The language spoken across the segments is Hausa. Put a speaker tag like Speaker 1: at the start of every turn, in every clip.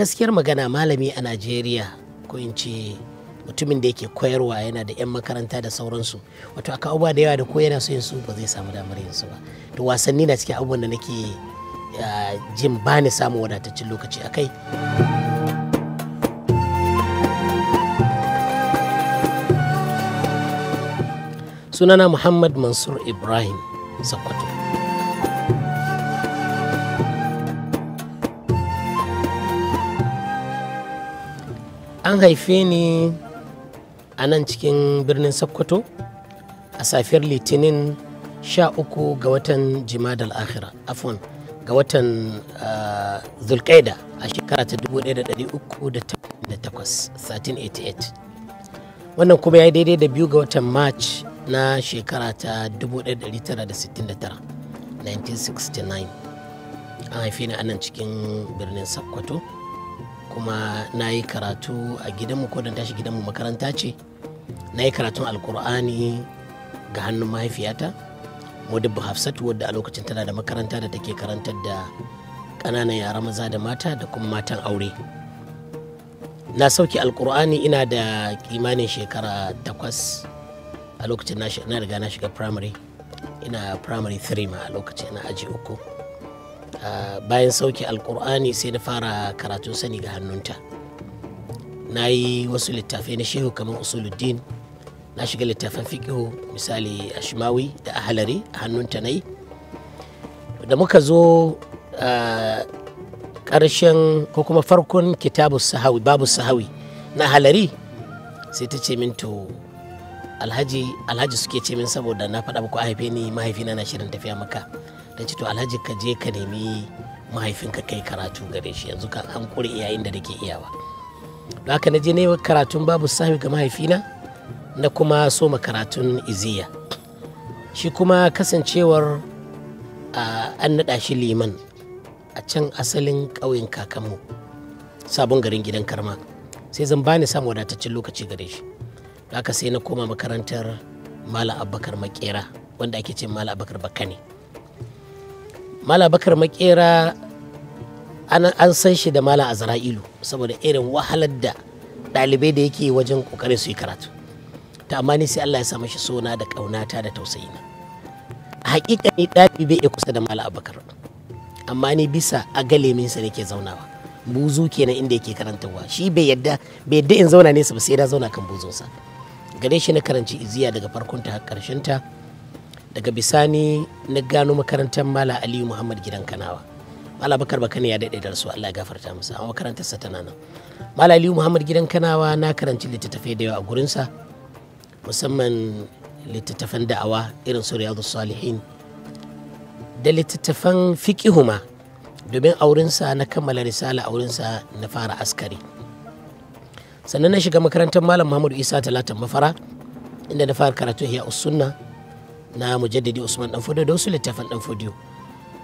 Speaker 1: gaskiyar magana malami a najeriya ko in ce mutumin da yake koyarwa yana da 'yan makaranta da sauransu wato aka abubuwa da yawa da ko yana so yin su ba zai samu damar yin su ba to wasanni na cikin abubuwan da nake jin ba ni samun wadataccen lokaci a kai sunana muhammad mansur ibrahim sakwato an haife ni a nan cikin birnin sokoto a safiyar litinin 13 ga watan jimadal akhira afon ga watan ah, zulkaida a shekara ta 1388 wannan kuma ya yi daidai da biyu ga watan march na shekara ta 1969 1969 an haife ni a nan cikin birnin sokoto kuma na yi karatu a gidanmu ko don tashi gidanmu makaranta ce na yi karatun alkur'ani ga hannun mahaifiyata modibba hafsatu wadda a lokacin tana da makaranta da take karantar da ƙananan yara maza da mata da kuma matan aure na sauke alkur'ani ina da kimanin shekara takwas a lokacin na riga na shiga primary ina primary 3 ma a lokacin na aji uku bayan sauke alkur'ani sai na fara karatun sani ga hannunta na yi wasu littafai na shehu kamar usuluddin na shiga littafan fiƙihu misali a da a halari a hannunta na yi da muka zo ƙarshen ko kuma farkon kitabu sahawi babu sahawi na halari sai ta ce min to alhaji suke ce min saboda na faɗa muku a haife ni mahaifina na shirin tafiya maka ta ce to alhaji ka je ka nemi mahaifinka kai karatu gare shi yanzu ka an kure yayin da nake iyawa don haka na je na karatun babu sahibi ga mahaifina na kuma soma karatun iziya shi kuma kasancewar an naɗa shi liman a can asalin ƙauyen kakanmu sabon garin gidan karma sai zan bani samu wadataccen lokaci gare shi haka sai na koma makarantar malam abubakar makera wanda ake ce malam abubakar bakane mala bakar makera an san shi da mala azra'ilu saboda irin wahalar da ɗalibai da yake wajen ƙoƙarin su yi karatu ta amma ni sai Allah ya sa mashi sona da ƙaunata da tausayina a hakika ni ɗalibi bai iya kusa da mala abakar amma ni bisa a sa nake zaunawa buzu kenan inda yake karantarwa shi bai yadda bai yadda in zauna ne ba sai na zauna kan buzunsa gare shi na karanci iziya daga farkon ta har ta daga bisani na gano makarantar mala aliyu muhammad gidan kanawa mala bakar bakane ya daɗe da rasu allah ya gafarta masa a makarantarsa tana nan mala aliyu muhammad gidan kanawa na karanci littattafai da yawa a gurinsa musamman littattafan da'awa irin su riyadu salihin da littattafan fikihuma domin aurinsa na kammala risala aurinsa na fara askari sannan na shiga makarantar malam Muhammad isa talatan mafara inda na fara karatu hiya sunna na mujaddadi usman dan fodiyo da wasu littafan dan fodiyo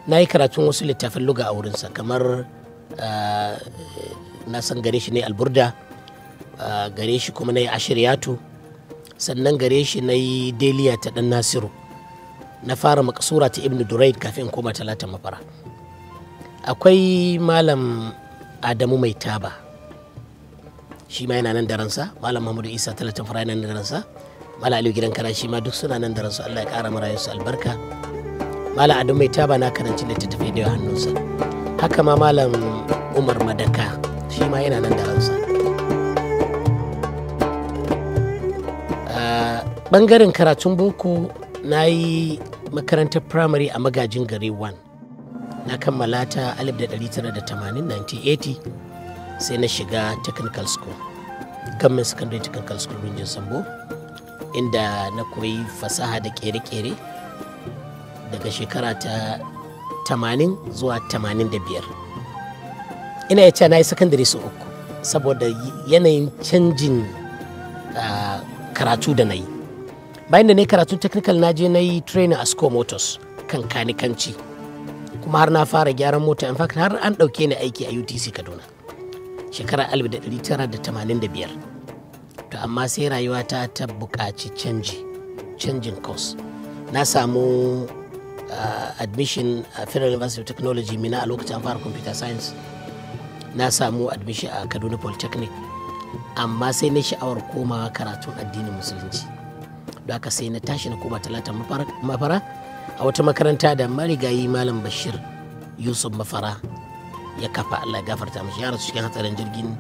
Speaker 1: na yi karatun wasu littafan luga a wurinsa kamar ah, na san gare shi ne alburda ah, gare shi kuma na yi ashiriyatu sannan gare shi na yi deliya ta dan nasiru na fara makasura ta ibnu durayd kafin koma talata mafara akwai malam adamu mai taba shi ma yana nan daransa malam mahmudu isa talatin fara yana nan daransa. mala aliyu gidan kara shi ma duk suna nan da ransu allah ya kara mara su albarka mala adu mai taba na karanci littattafai da hannunsa haka ma malam umar madaka shi ma yana nan da ransa ah, bangaren karatun boko na yi makarantar firamare a magajin gari 1 na kammala ta 1980 sai na shiga technical school government secondary technical school rinjin sambo inda na koyi fasaha da kere-kere daga shekara ta 80 zuwa 85 ina ya ce na yi sakandare su uku saboda yanayin canjin karatu da na yi bayan da na yi karatun technical na je na yi training a sco motors kan kanikanci kuma har na fara gyaran mota in fact har an ɗauke ni aiki a utc kaduna shekara 1985 to amma sai rayuwa ta ta buƙaci canji canjin course na samu uh, admission a federal university of technology mina a lokacin fara computer science na samu admission a kaduna polytechnic amma sai na sha'awar komawa karatun addinin musulunci don haka sai na tashi na koma talata mafara a wata makaranta da marigayi malam bashir yusuf mafara ya kafa allah gafarta mashi ya rasu cikin hatsarin jirgin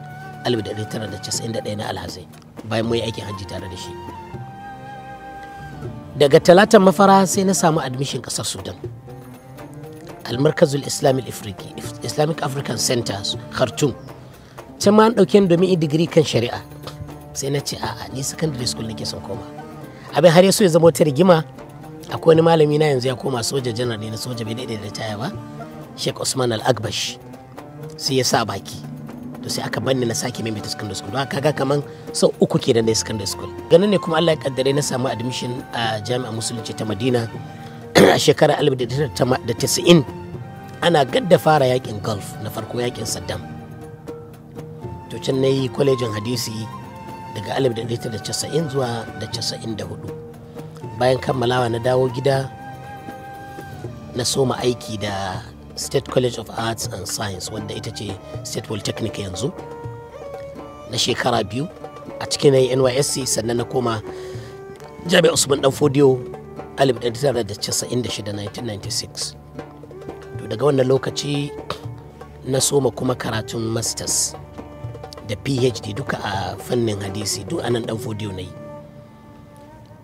Speaker 1: 1991 na alhazai bayan mun yi aikin hajji tare da shi daga talatan mafara sai na samu admission kasar sudan almarkazul islamic islamic african centers khartoum can ma an ɗauke ni domin digiri kan shari'a sai na ce a'a ni secondary school nake son koma abin har ya so ya zama wata rigima akwai wani malami na yanzu ya koma soja janar ne na soja bai daidai da taya ba sheikh usman al-agbash sai ya sa baki to sai aka bani na sake maimaita secondary school don kaga kaman sau uku ke da secondary school ganin ne kuma Allah ya kaddare na samu admission a jami'a musulunci ta Madina a shekarar 1990 ana gadda fara yakin golf na farko yakin Saddam to can na yi kwalejin hadisi daga 1990 zuwa da da 94 bayan kammalawa na dawo gida na soma aiki da state college of arts and science wanda ita ce state polytechnic yanzu na shekara biyu a cikin nysc sannan na koma jami'a usman dan fodiyo 1996 to daga wannan lokaci na soma kuma karatun masters da phd duka a fannin hadisi duk anan dan fodiyo na yi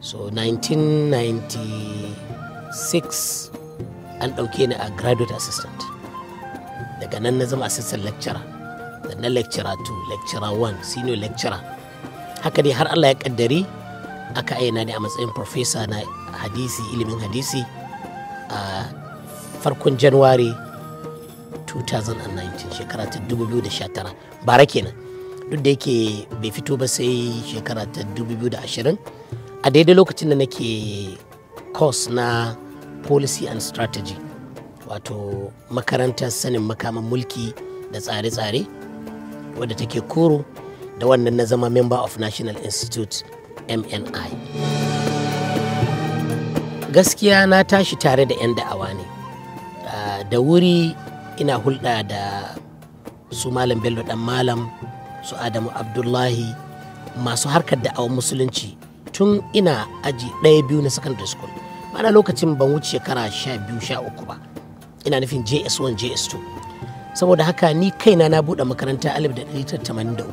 Speaker 1: so 1996 an ɗauke ni a graduate assistant daga nan na zama assistant lecturer da na lecturer two, lecturer one, senior lecturer haka dai har allah ya kaddari aka ayyana ni a matsayin professor na hadisi ilimin hadisi a farkon January 2019 shekara ta 2019 bara kenan duk da yake bai fito ba sai shekara ta 2020 a daidai lokacin da nake course na policy and strategy wato makarantar sanin makaman mulki da tsare-tsare wadda take koro da wannan na zama member of national institute mni gaskiya na tashi tare da 'yan da'awa ne ah, da wuri ina hulɗa da su malam bello dan malam su adamu abdullahi masu harkar da'awar musulunci tun ina aji ɗaya biyu na sakandare school mana lokacin ban wuce shekara sha biyu sha uku ba ina nufin js1 js2 saboda haka ni kaina na buɗe makaranta 1983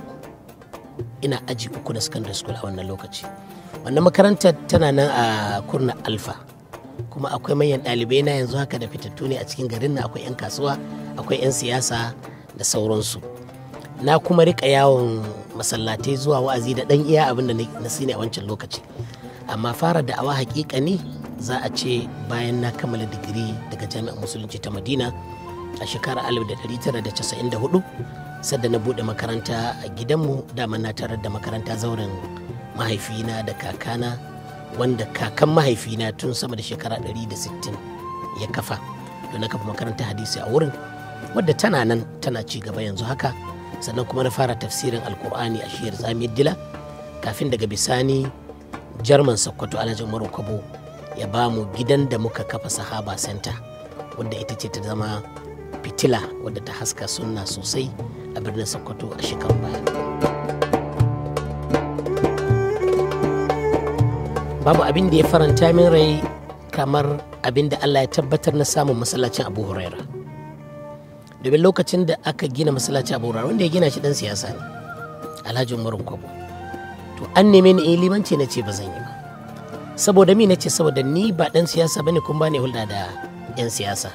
Speaker 1: ina aji uku na secondary school a wannan lokaci wannan makaranta tana nan a kurna alfa kuma akwai manyan ɗalibai na yanzu haka da fitattu ne a cikin garin na akwai 'yan kasuwa akwai 'yan siyasa da sauransu na kuma rika yawon masallatai zuwa wa'azi da ɗan iya abin da na sine a wancan lokaci amma fara da'awa hakika ne za a ce bayan na kammala digiri daga jami'ar musulunci ta madina a shekarar 1994 sadda na buɗe makaranta a gidanmu dama na tarar da makaranta zauren mahaifina da kakana wanda kakan mahaifina tun sama da shekara da sittin ya kafa don na kafa makaranta hadisi a wurin wadda tana nan tana ci gaba yanzu haka sannan kuma na fara tafsirin alkur'ani a shiyar zamiyar dila kafin daga bisani jarman sakkwato alhaji umaru kwabo ya ba mu gidan da muka kafa sahaba center wadda ita ce ta zama fitila wadda ta haska sunna sosai a birnin sokoto a shekaru baya babu abin da ya faranta min rai kamar abin da allah ya tabbatar na samun masallacin abu huraira domin lokacin da aka gina masallacin abu huraira wanda ya gina shi dan siyasa ne alhaji umaru kwabo to an neme ni in limanci na ce ba zan yi saboda mi na ce saboda ni ba dan siyasa bane kun bani hulɗa da yan siyasa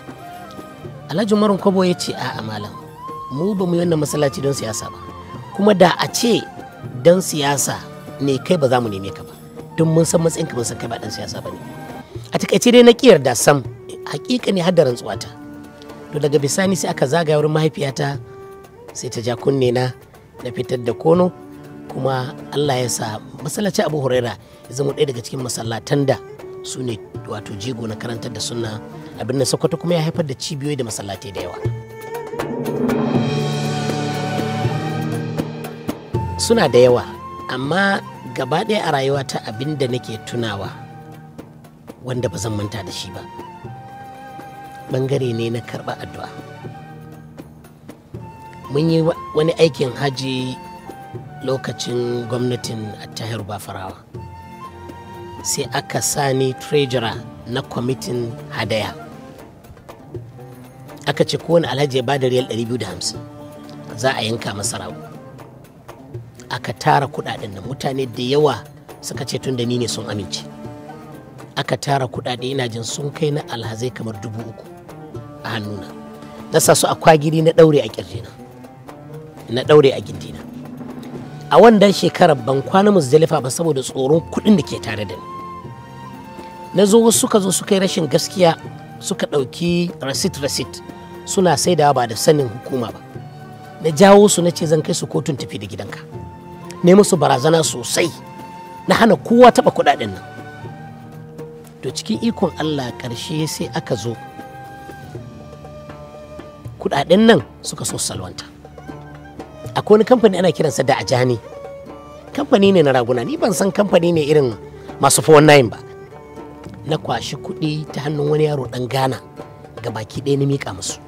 Speaker 1: Alhaji Umarun Kobo ya ce a'a malam mu ba mu yi wannan masallaci don siyasa ba kuma da a ce dan siyasa ne kai ba za mu neme ka ba don mun san matsayin ka mun san kai ba dan siyasa bane a takaice dai na kiyar da sam hakika ne haddaran tsuwata to daga bisani sai aka zagaya wurin mahaifiyata sai ta ja kunne na na fitar da kono kuma Allah ya sa masallaci Abu Huraira ya zama ɗaya daga cikin masallatan da su ne wato jigo na karantar da sunna abin da Sokoto kuma ya haifar da cibiyoyi da masallatai da yawa. Suna da yawa amma gaba ɗaya a rayuwa ta abin da nake tunawa wanda ba zan manta da shi ba. Bangare ne na karɓar addu'a. Mun yi wani aikin haji lokacin gwamnatin attahir bafarawa sai aka sani treasurer na kwamitin hadaya aka ce kowane alhaji ya bada riyal 250 za a yanka masa aka tara kudaden da mutane da yawa suka ce tun da ni ne sun amince aka tara kudade ina jin sun kai na alhazai kamar dubu uku a hannuna na sa su a kwagiri na daure a kirjina na daure a gindina a wannan shekarar ban kwana muzdalifa ba saboda tsoron kuɗin da ke tare da ni na zo suka zo suka yi rashin gaskiya suka ɗauki rasit rasit suna saidawa ba da sanin hukuma ba na jawo su na ce zan kai su kotun tafi da gidanka ne musu barazana sosai na hana kowa taɓa kuɗaɗen nan to cikin ikon allah ƙarshe sai aka zo kuɗaɗen nan suka so salwanta akwai wani kamfani ana kiransa da ajani kamfani ne na raguna ni ban san kamfani ne irin masu 419 ba na kwashi kuɗi ta hannun wani yaro dan gana ga baki ɗaya na miƙa musu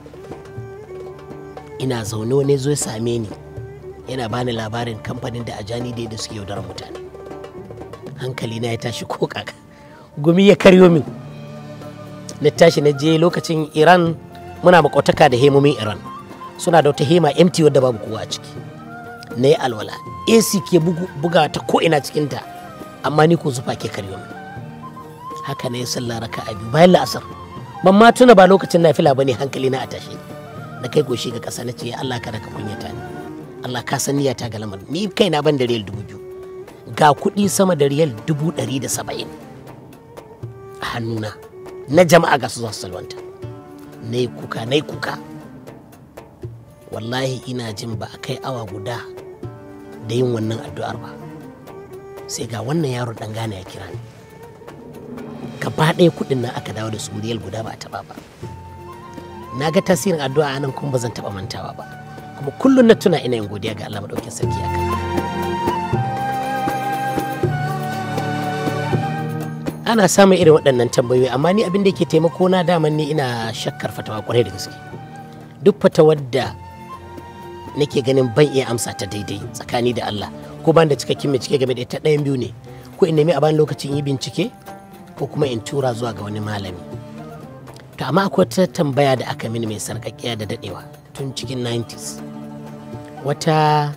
Speaker 1: ina zaune wani zo ya same ni yana bani labarin kamfanin da ajani da da suke yaudarar mutane hankali na ya tashi ko kaka gumi ya karyo min na tashi na je lokacin iran muna makwataka da hemomin iran suna da wata hema empty wadda babu kowa ciki na yi alwala ac ke buga ta ko ina cikinta amma ni ko zufa ke karyo haka na yi sallah raka a biyu bayan la'asar ban ma tuna ba lokacin na fila ba ne hankali na a tashi na kai goshi ga kasa na ce Allah ka raka kunyata ni Allah ka san niyata ga lamar ni kai na ban da riyal dubu biyu ga kuɗi sama da riyal dubu ɗari da saba'in a hannuna na jama'a ga su za su salwanta na yi kuka na yi kuka wallahi ina jin ba a kai awa guda da yin wannan addu'ar ba sai ga wannan yaro dan gane ya kira ni gaba ɗaya kuɗin nan aka dawo da su riyal guda ba a taɓa ba na ga tasirin addu'a a nan kuma ba zan taɓa mantawa ba kuma kullum na tuna ina yin godiya ga Allah maɗaukin sarki a ana samun irin waɗannan tambayoyi amma ni abin da ke taimako na daman ni ina shakkar fatawa kwarai da gaske duk fatawar da nake ganin ban iya amsa ta daidai tsakani da Allah ko ban da cikakken cike game da ita ɗayan biyu ne ko in nemi a bani lokacin yi bincike ko kuma in tura zuwa ga wani malami to amma akwai ta tambaya da aka mini mai sarƙaƙiya da daɗewa tun cikin 90s wata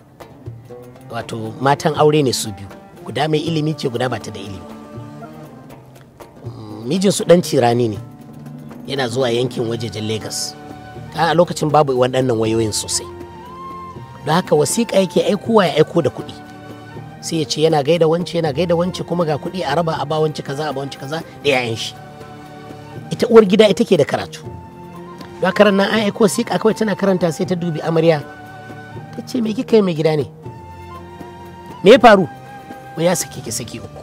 Speaker 1: wato matan aure ne su biyu guda mai ilimi ce guda bata da ilimi mm, mijin su ɗan cirani ne yana zuwa yankin wajejen lagos a lokacin babu ɗannan wayoyin sosai da haka wasiƙa yake aikowa ya aiko da kuɗi sai ya ce yana gaida wance yana gaida wance kuma ga kuɗi a raba a ba wance kaza a ba wance kaza da yayan shi ita uwar gida ita ke da karatu da karan nan an aiko wasiƙa kawai tana karanta sai ta dubi amarya ta ce me kika yi mai gida ne me ya faru ya saki ki saki uku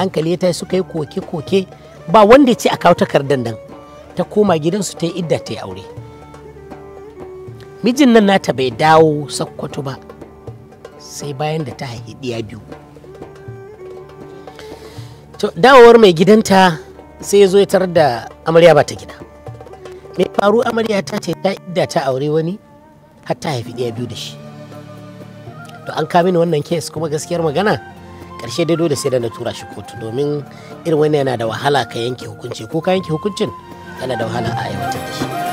Speaker 1: hankali ya tashi suka yi koke-koke ba wanda ya ce a kawo takardar nan ta koma gidansu ta yi idda ta yi aure mijin nan nata bai dawo sakkwato ba sai bayan da ta haifi ɗiya biyu to dawowar mai gidanta sai ya zo ya tarar da amarya ba ta gida mai faru amarya ta ce ta idda ta aure wani har ta haifi ɗiya biyu da shi to an kame ni wannan kes kuma gaskiyar magana karshe dai dole sai da na tura shi kotu domin irin wani yana da wahala ka yanke hukunci ko ka yanke hukuncin yana da wahala a aiwatar da shi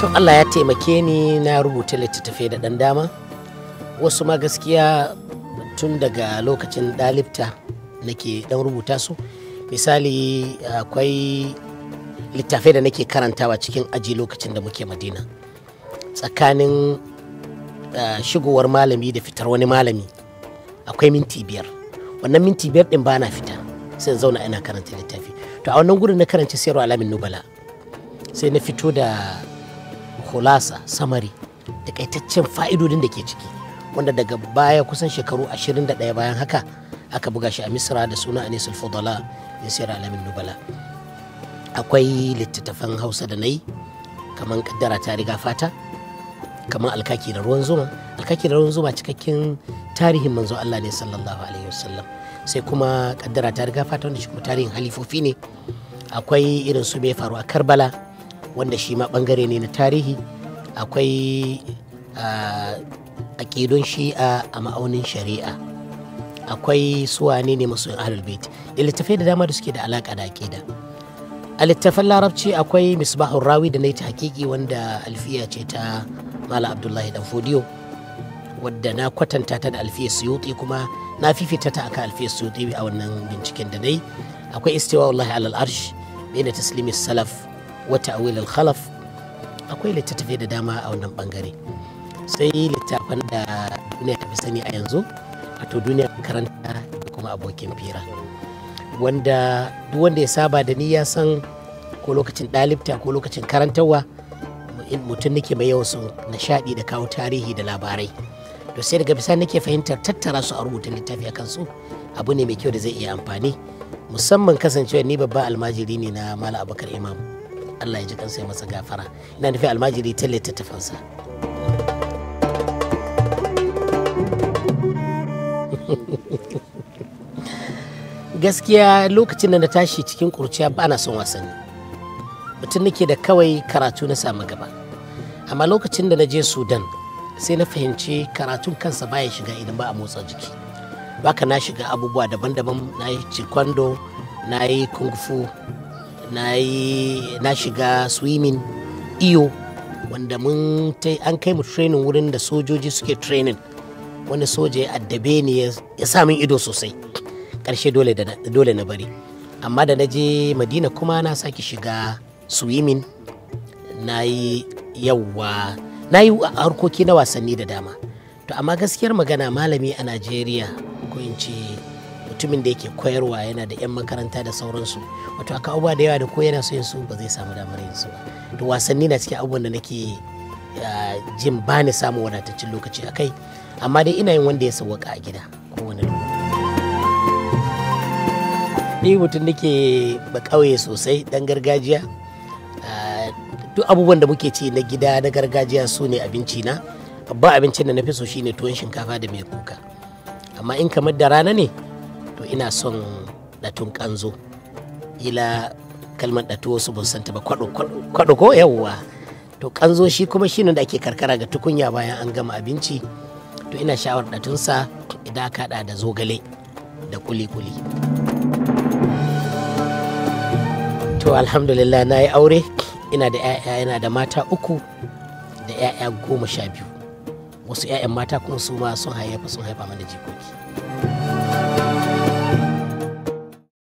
Speaker 1: tun Allah ya taimake ni na rubuta littattafai da ɗan dama wasu ma gaskiya tun daga lokacin ɗalibta nake ɗan rubuta su misali akwai littafai da nake karantawa cikin aji lokacin da muke madina tsakanin shigowar malami da fitar wani malami akwai minti biyar wannan minti biyar ɗin ba na fita sai zauna ina karanta littafi to a wannan gudun na karanci sayarwa alamin nubala sai na fito da hulasa samari takaitaccen fa'idodin da ke ciki wanda daga baya kusan shekaru 21 bayan haka aka buga shi a misra da suna anisul fudala ya sayar alamin nubala akwai littattafan hausa da na yi kamar kaddara ta riga fata kamar alkaki da ruwan zuma alkaki da ruwan zuma cikakken tarihin manzo Allah ne sallallahu alaihi wasallam sai kuma kaddara ta riga fata wanda shi kuma tarihin halifofi ne akwai irin su mai faru a karbala wanda shi ma bangare ne na tarihi akwai aƙidun shi'a a ma'aunin shari'a akwai suwane ne masu ahlul bait littattafai da dama da suke da alaƙa da aƙida a littattafan larabci akwai misbahun rawi da na ta hakiki wanda alfiya ce ta mala abdullahi dan fodiyo wadda na kwatanta ta da alfiya suyuti kuma na fifita ta akan alfiya suyuti a wannan binciken da dai akwai istiwa wallahi alal arsh bai da taslimis salaf wata awilil khalaf akwai littattafai da dama a wannan bangare sai littafan da duniya ta fi sani a yanzu to duniya karanta da kuma abokin fira wanda duk wanda ya saba da ni ya san ko lokacin dalibta ko lokacin karantarwa mutum nake mai yawan su nishaɗi da kawo tarihi da labarai to sai daga bisa nake fahimtar tattara su a rubuta littafi a kansu abu ne mai kyau da zai iya amfani musamman kasancewa ni babban almajiri ne na mala abakar imam Allah ya ji kansa ya masa gafara ina nufin almajiri ta littattafansa gaskiya lokacin da na tashi cikin kurciya ba na son wasanni mutum nake da kawai karatu na samu gaba amma lokacin da na je sudan sai na fahimci karatun kansa baya shiga idan ba a motsa jiki baka na shiga abubuwa daban-daban na yi kwando, na yi kung na yi na shiga swimming iyo wanda mun an kai mu training wurin da sojoji suke training wani soja ya addabe ni ya sa min ido sosai ƙarshe dole na bari amma da na je madina kuma na sake shiga swimming na yi yawa na yi harkoki na wasanni da dama to amma gaskiyar magana malami a najeriya ko in ce mutumin da yake koyarwa yana da 'yan makaranta da sauransu wato aka abubuwa da yawa da ko yana so yin su ba zai samu damar yin su ba to wasanni na cikin abubuwan da nake jin ba ni samun wadataccen lokaci a kai amma dai ina yin wanda ya sawwaka a gida kowane lokaci ni mutum nake ba ƙauye sosai dan gargajiya duk abubuwan da muke ci na gida na gargajiya su ne abinci na babban abincin da na fi so shine tuwon shinkafa da mai kuka amma in kamar da rana ne to ina son ɗatun kanzo ila kalmar ɗatu wasu ban santa ba kwaɗo ko yawwa to kanzo shi kuma shine da ake karkara ga tukunya bayan an gama abinci to ina sha'awar ɗatunsa idan aka haɗa da zogale da kuli-kuli to alhamdulillah na yi aure ina da 'ya'ya yana da mata uku da 'ya'ya goma sha biyu wasu 'ya'yan mata kuma su ma sun haifa sun haifa mana jikoki